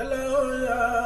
hello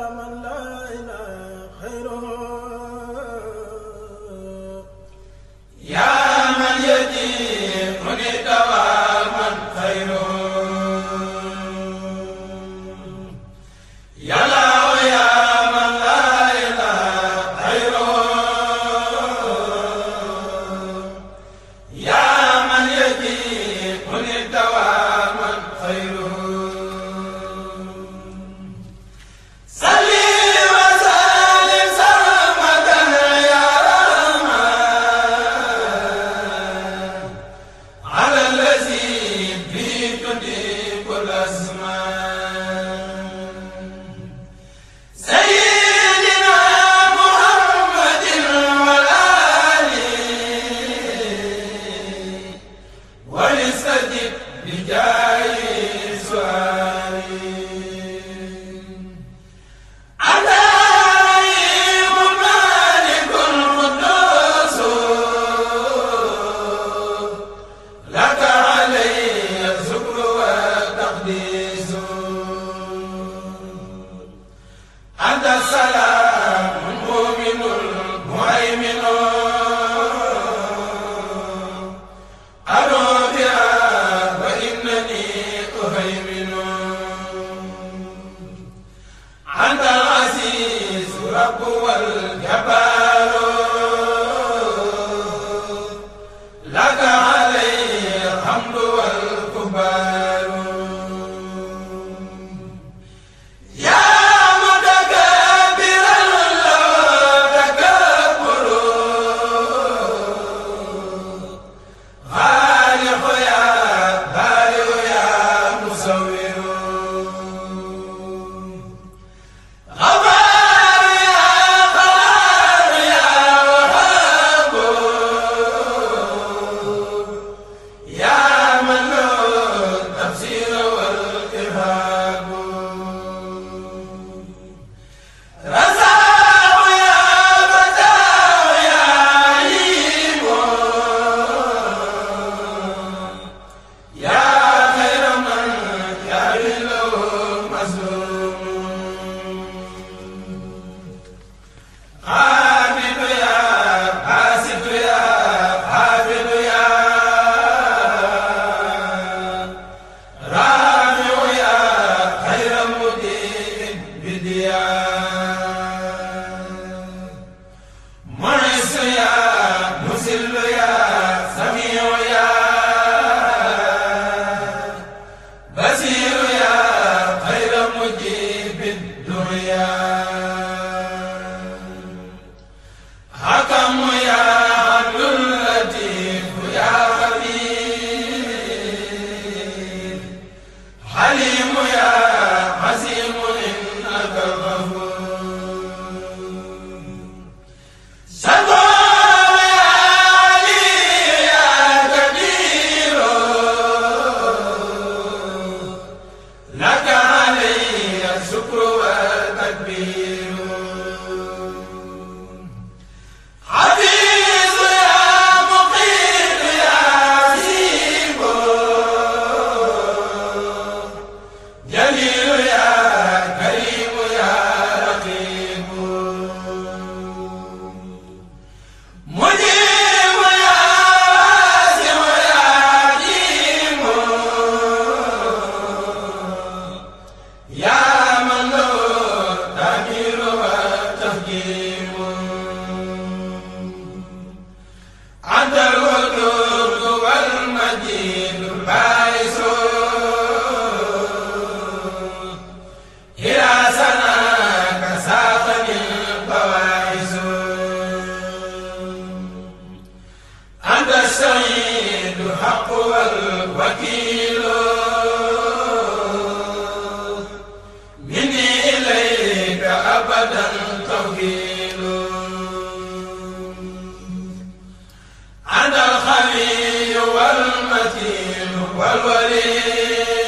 المتين والولي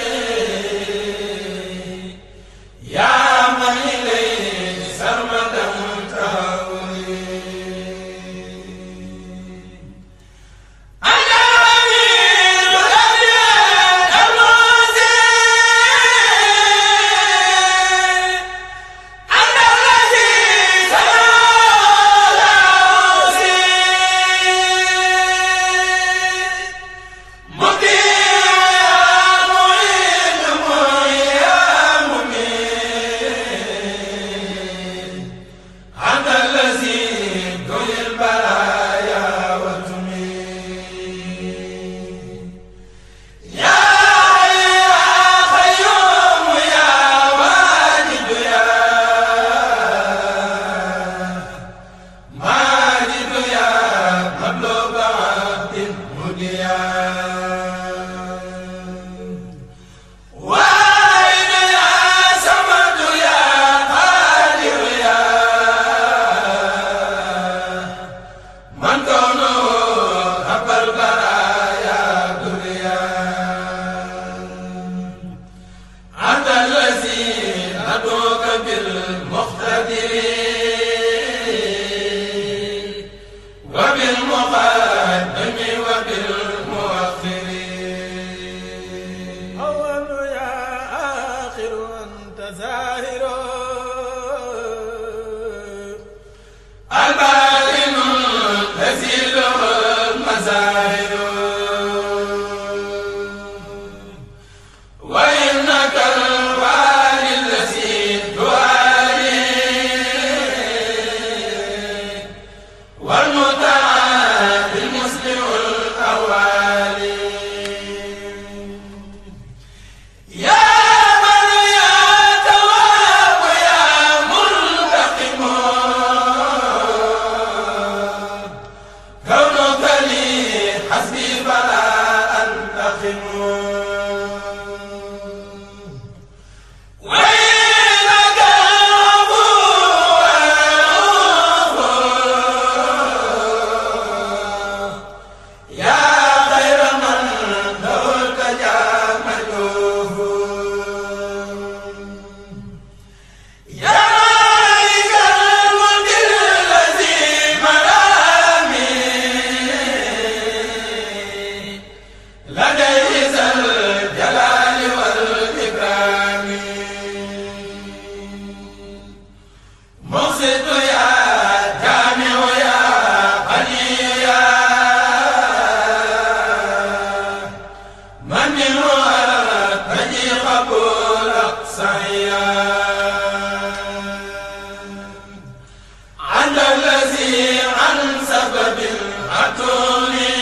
kulli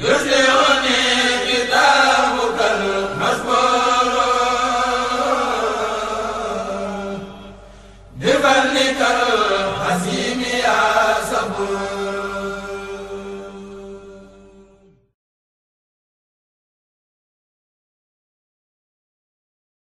Yes, yes.